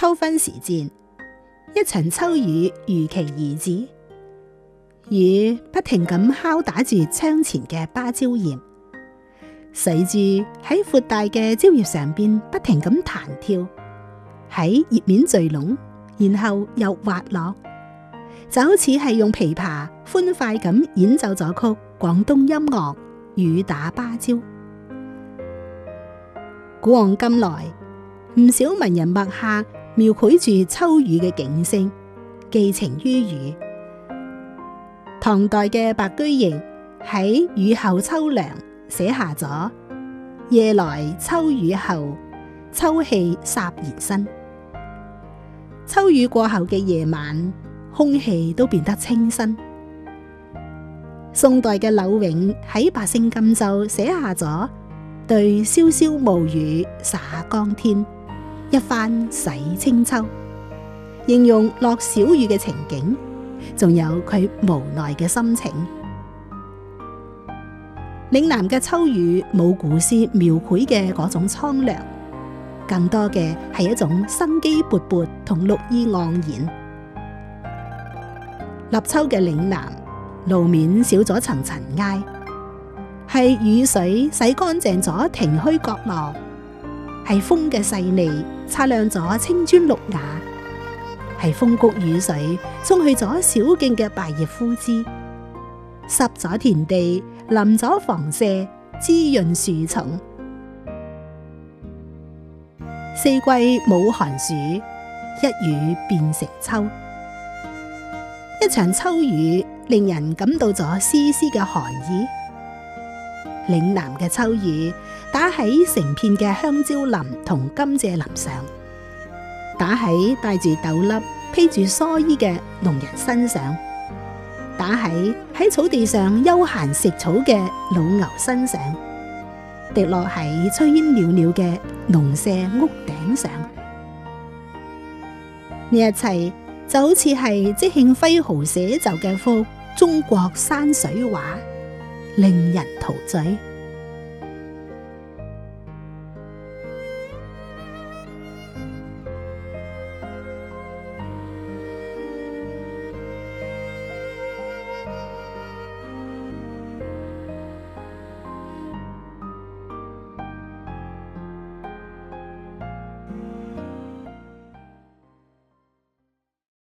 秋分時節，一場秋雨如期而至，雨不停咁敲打住窗前嘅芭蕉葉，水珠喺闊大嘅蕉葉上邊不停咁彈跳，喺葉面聚攏，然後又滑落，就好似係用琵琶歡快咁演奏咗曲廣東音樂《雨打芭蕉》。古往今來，唔少文人墨客，描繪住秋雨嘅景色，寄情於雨。唐代嘅白居易喺雨後秋涼寫下咗：夜來秋雨後，秋氣颯然新。秋雨過後嘅夜晚，空氣都變得清新。宋代嘅柳永喺《八聲甘州》寫下咗：對瀟瀟暮雨灑江天。一番洗清秋，形容落小雨嘅情景，仲有佢無奈嘅心情。嶺南嘅秋雨冇古詩描繪嘅嗰種蒼涼，更多嘅係一種生機勃勃同綠意盎然。立秋嘅嶺南，路面少咗層塵埃，係雨水洗乾淨咗亭虛角落。係風嘅細膩擦亮咗青磚綠瓦，係風谷雨水送去咗小徑嘅敗葉枯枝，濕咗田地，淋咗房舍，滋潤樹叢。四季冇寒暑，一雨變成秋。一場秋雨，令人感到咗絲絲嘅寒意。嶺南嘅秋雨打喺成片嘅香蕉林同甘蔗林上，打喺戴住斗笠、披住蓑衣嘅農人身上，打喺喺草地上悠閒食草嘅老牛身上，滴落喺炊煙裊裊嘅農舍屋頂上。呢一切就好似係即興揮毫寫就嘅幅中國山水畫。令人陶醉。